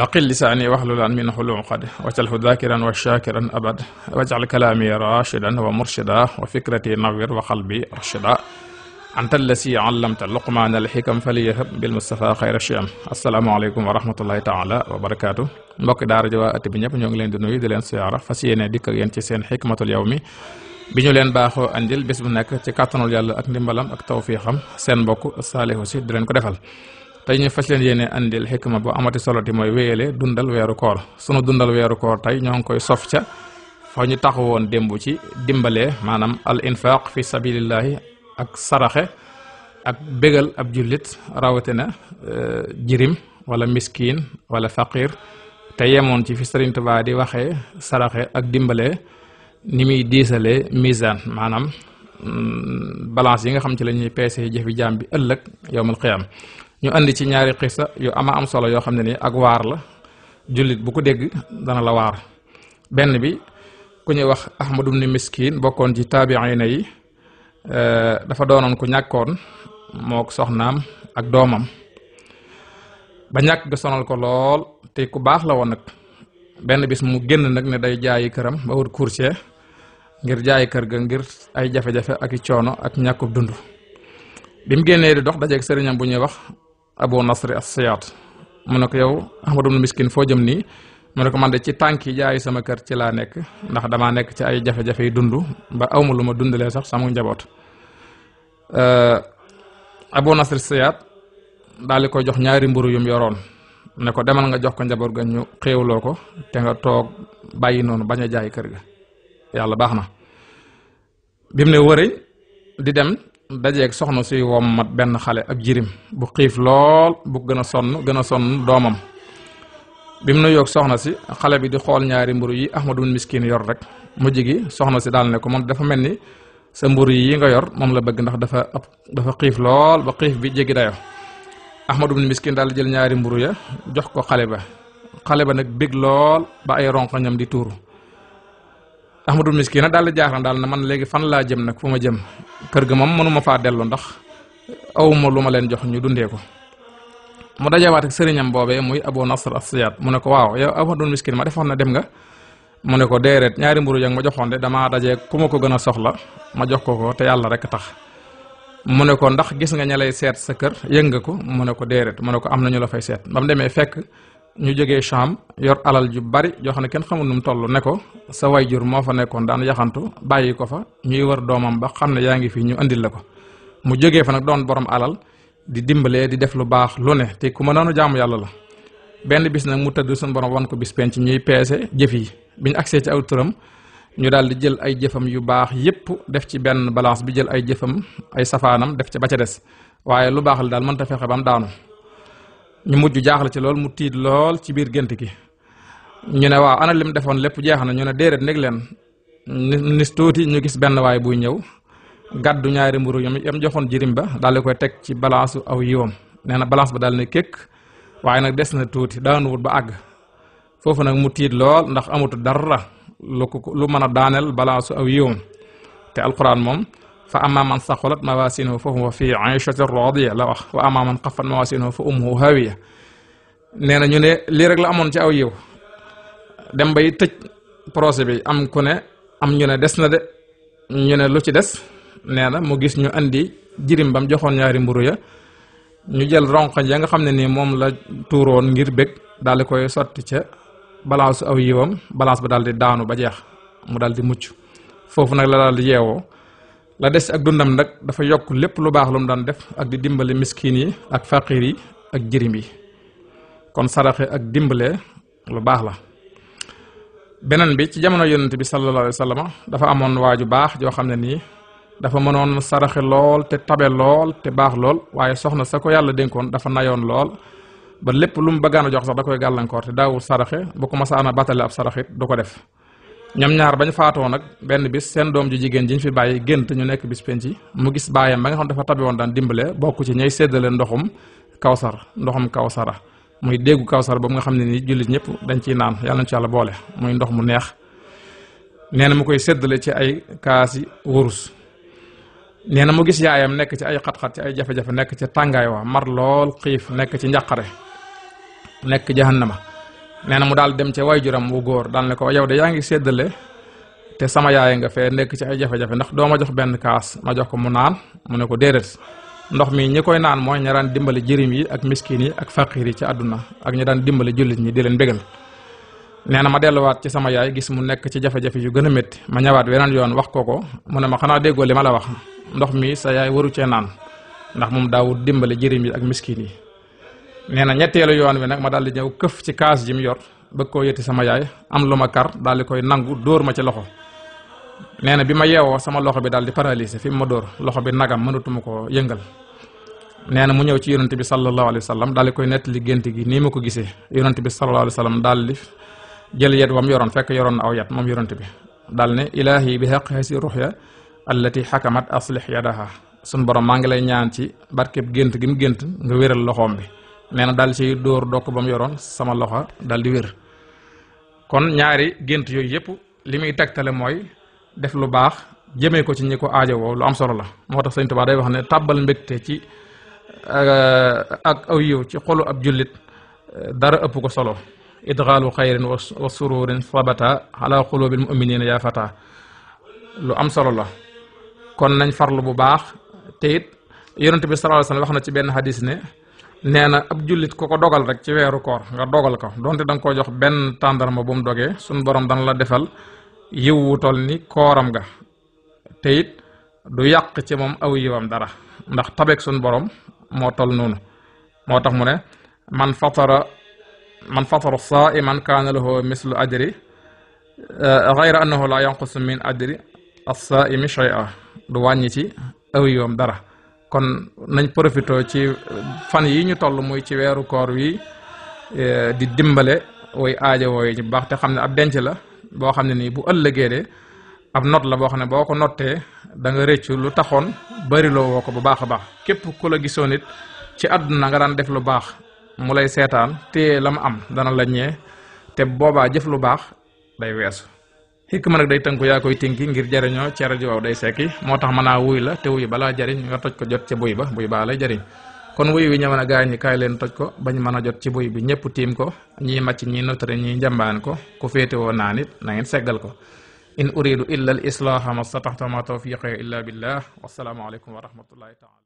laqil lisaani waxlul an min xulu uqad waj'alhu dhaakiran wa shaakiran abad waj'al kalaami raashidan wa murshida wa fikrati nawwir wa qalbi arshida anta allasi allamta luqmaana alxikam faliyahab bil mustafa xayra shiyam assalaamu aleykum wa rahmatullahi taala wa barakaatu mbokki daara ji at bi ñëpp ñoo ngi leen di nuyu di leen siyaara fas yéene dikk ak yéen ci seen xikmatul yawmi bi ñu leen baaxoo andil bés bu nekk ci kàttanul yàlla ak ndimbalam ak tawfiixam seen mbokk saalihu si di leen ko defal tey ñu fas leen yéene andil ma bu amati solo ti mooy wéyale dundal weeru koor sunu dundal weeru koor tey ñoo ngi koy sof ca fa ñu woon démb ci dimbalee maanaam al infaq fi sabilillahi ak saraxe ak bégal ab jullit rawatina euh, jirim wala miskiin wala faqir te yemoon ci fi Sëriñ Tuubaa di waxee saraxe ak dimbalee ni muy diisalee misaan maanaam mm, balance yi nga xam ci la ñuy peese jëfi jaam bi ëllëg yowmal qiyaam ñu andi ci ñaari xisa yu ama am solo yoo xam ne nii ak waar la jullit bu ko dégg dana la waar benn bi ku ñuy wax Ahmad ibn Miskin bokkoon ci taabiina yi euh, dafa doonoon ku ñàkkoon mook soxnaam ak doomam ba ñàkk ga sonal ko lool te ku baax la woon nag benn bis mu génn nag ne day jaayi këram ba wut courtier ngir jaayi kër ga ngir ay jafe-jafe ak i coono ak ñàkkub dund bi mu génnee di dox dajeeg sëriñam bu ñuy wax abu nasri asiyaat mu ne ko yow ahmadu bnu miskin foo jëm nii mu ne ko man de ci tànk yi jaay sama kër ci laa nekk ndax damaa nekk ci ay jafe-jafe yu dund ba awma lu ma dund dundalee sax sama njaboot abu nasri asiyaat daal di ko jox ñaari mburu yum yoroon ne ko demal nga jox ko njaboot ga ñu xéewloo ko te nga toog bàyyi noonu bañ a jaay kër ga yàlla baax na bi mu ne wëriñ di dem dajeeg soxna si woom mat benn xale ak jirim bu xiif lool bu gën a sonn gën a sonn doomam bi mu nuyoog soxna si xale bi di xool ñaari mburu yi ahmadul miskin yor rek mu gi soxna si daal ne ko moom dafa mel ni sa mburu yi nga yor moom la bëgg ndax dafa ëpp dafa xiif lool ba xiif bi jéggi dayo ahmadul miskin daal jël ñaari mburu ya jox ko xale ba xale ba nag bég lool ba ay ronqañam di tuur ahmadul miskina daal di jaaxlan daal na man léegi fan laa jëm nag fu ma jëm kër ga moom mënuma faa dellu ndax awuma lu ma leen jox ñu dundee ko mu dajawaat ak sëriñam boobee muy abu nasr asiyaat mu ne ko waaw yow ahmadul miskina ma defoon na dem nga mu ne ko déeréet ñaari mburu yag ma joxoon de damaa dajee ku ma ko gën a soxla ma jox ko ko te yàlla rek tax mu ne ko ndax gis nga ña seet sa kër yëg nga ko mu ne ko déeréet mu ne ko am na ñu la fay seet ba demee fekk ñu jógee Cham yor alal ju bari jox xam ne kenn xamul nu mu toll ne ko sa jur moo fa nekkoon daan yaxantu bàyyi ko fa ñuy war doomam ba xam ne yaa ngi fii ñu indi la ko mu jógee fa nag doon borom alal di dimbalee di def lu baax lu ne te ku ma noonu jaamu yàlla la. benn bis nag mu tëdd suñu borom wan ko bis penc ñuy peese jëf yi bi ñu agsee ci aw turam ñu daal di jël ay jëfam yu baax yépp def ci benn balance bi jël ay jëfam ay safaanam def ci ba ca des waaye lu baax la daal mënta fexe ba mu ñu mujj jaaxle ci lool mu tiit lool ci biir gént gi ñu ne waaw ana lim defoon lépp jeex na ñu ne déedéet nekk leen nis tuuti ñu gis benn waay buy ñëw gàddu ñaari mburu yam yam joxoon jirim ba daal koy teg ci balaasu aw yiwam nee na balance ba daal ne kékk waaye nag des na tuuti daanu wut ba àgg foofu nag mu tiit lool ndax amatu dara lu ko lu mën a daaneel balaasu aw yiwam te alxuraan moom fa amma man sax mawaasinuhu fa huwa fi ayshatin radiya la wax wa amma man xafat mawaasinuhu fa ummuhu hawiya nee na ñu ne lii rek la amoon ci aw yiw dem bay tëj projet bi am ku am ñu ne des na de ñu ne lu ci des nee na mu gis ñu andi jirim bam joxoon ñaari mburu ya ñu jël ronqañ ya nga xam ne nii moom la tuuroon ngir bég daal di koy sotti ca balance aw yiwam balance ba daal di daanu ba jeex mu daal di mucc foofu nag la daal di yeewoo la des ak dundam nag dafa yokk lépp lu baax lu mu daan def ak di dimbale miskin yi ak faqir yi ak jirim yi kon saraxe ak dimbale lu baax la beneen bi ci jamono yonent bi sallallahu alayhi wa sallam dafa amoon waaju baax joo xam ne nii dafa mënoon saraxe lool te tabe lool te baax lool waaye soxna sa ko yàlla dénkoon dafa nayoon lool ba lépp lu mu bëggaan jox sax da koy gàllankoor te daawul saraxe bu ko masaana battale ab saraxit du ko def ñoom ñaar bañ faatoo nag benn bis seen doom ju jigéen ji ñu fi bàyyi gént ñu nekk bis penc mu gis baayam ba nga xam dafa tabi woon daan dimbale bokk ci ñay séddale ndoxum kawsar ndoxum kawsara muy déggu kawsar boobu nga xam ne ni jullit ñëpp dañ ciy naan yàlla na ci yàlla boole muy ndox mu neex nee na mu koy séddale ci ay kaasi wurus nee na mu gis yaayam nekk ci ay xat-xat ci ay jafe-jafe nekk ci tàngaay wa mar lool xiif nekk ci njàqare nekk jahannama nee na mu daal dem way wayjuram wu góor daal ne ko yow de yaa ngi séddale te sama yaay nga fee nekk ci ay jafe-jafe ndax dooma ma jox benn kaas ma jox ko mu naan mu ne ko déedéet ndox mi ñi koy naan mooy ñi daan dimbali jirim yi ak miskin yi ak faqir yi ci àdduna ak ñi daan dimbali jullit ñi di leen bégal nee na ma delluwaat ci sama yaay gis mu nekk ci jafe-jafe yu gën a métti ma ñëwaat weneen yoon wax ko ko mu ne ma xanaa déggoo li ma la wax ndox mi sa yaay waru cee naan ndax moom daawul dimbali jirim yi ak miskin yi nee na ñetteelu yoon wi nag ma daal di ñëw këf ci kaas ji mu yor bëgg koo yëtti sama yaay am lu ma kar daal koy nangu dóor ma ci loxo nee na bi ma yeewoo sama loxo bi daal di paralysé fi mu ma dóor loxo bi nagam mënatuma koo yëngal nee na mu ñëw ci yonante bi sallallahu alayhi wa sallam daal di koy nettali gént gi nii ma ko gisee yonante bi sallallahu alayhi wa sallam daal di jël yet wam yoroon fekk yoroon na aw yet moom yonante bi daal ne ilaahi bi xaq si ya ruxya allati xakamat ya yadaha sun borom maa ngi lay ñaan ci barkeb gént gi mu gént nga wéral loxoom bi nee na daal ci dóor dokk ba mu yoroon sama loxo daal di wér kon ñaari gént yooyu yëpp li muy tegtale mooy def lu baax jëmee ko ci ñi ko aajo woo lu am solo la moo tax sëñ Tuubaa day wax ne tàbbal mbégte ci euh, ak aw ci xolu ab jullit euh, dara ëpp ko solo idxaalu xayrin wa sururin sabata ala xulubil muminina solo la kon nañ farlu bu baax te it bi sallallahu wax na ci benn hadis ne nee na ab jullit ku ko dogal rek ci weeru koor nga dogal ko donte da nga koo jox benn tàndarma bu mu dogee suñ borom dana la defal yiw wu toll ni kooram nga te du yàq ci moom aw yiwam dara ndax tabeek suñ borom moo toll noonu moo tax mu ne man fatara man fatara saa'iman kaana lahu mislu ajri eh, ghayra annahu la yanqusu min ajri as-saa'imi shay'a du wàññi ci aw yiwam dara kon nañ profito ci fan yi ñu toll muy ci weeru koor wi eh, di dimbale way aaja wooyu bu baax te xam ne ab denc la boo xam ne nii bu ëllëgee de ab not la boo xam ne boo ko nottee da nga rëccu lu taxoon bëriloo woo ko bu baax a baax képp ku la gisoon it ci àdduna nga daan def lu baax mu lay seetaan téye la mu am dana la ñee te boobaa jëf lu baax day weesu xikma nag day tënku yaa koy tënki ngir jariñoo cere ji waaw day sekki moo tax mën a wuy la te wuy balaa jariñ nga toj ko jot ci buy ba buy baa lay jariñ kon wuy wi ñëw na gaa ñi kaay leen toj ko bañ mën a jot ci buy bi ñëpp tiim ko ñii màcc ñii notari ñii njambaan ko ku féetewoo naa nit na ngeen seggal ko in uridu illa al islaaha ma stataxta ma tawfiqi illa billah wassalaamu aleykum wa rahmatullahi taala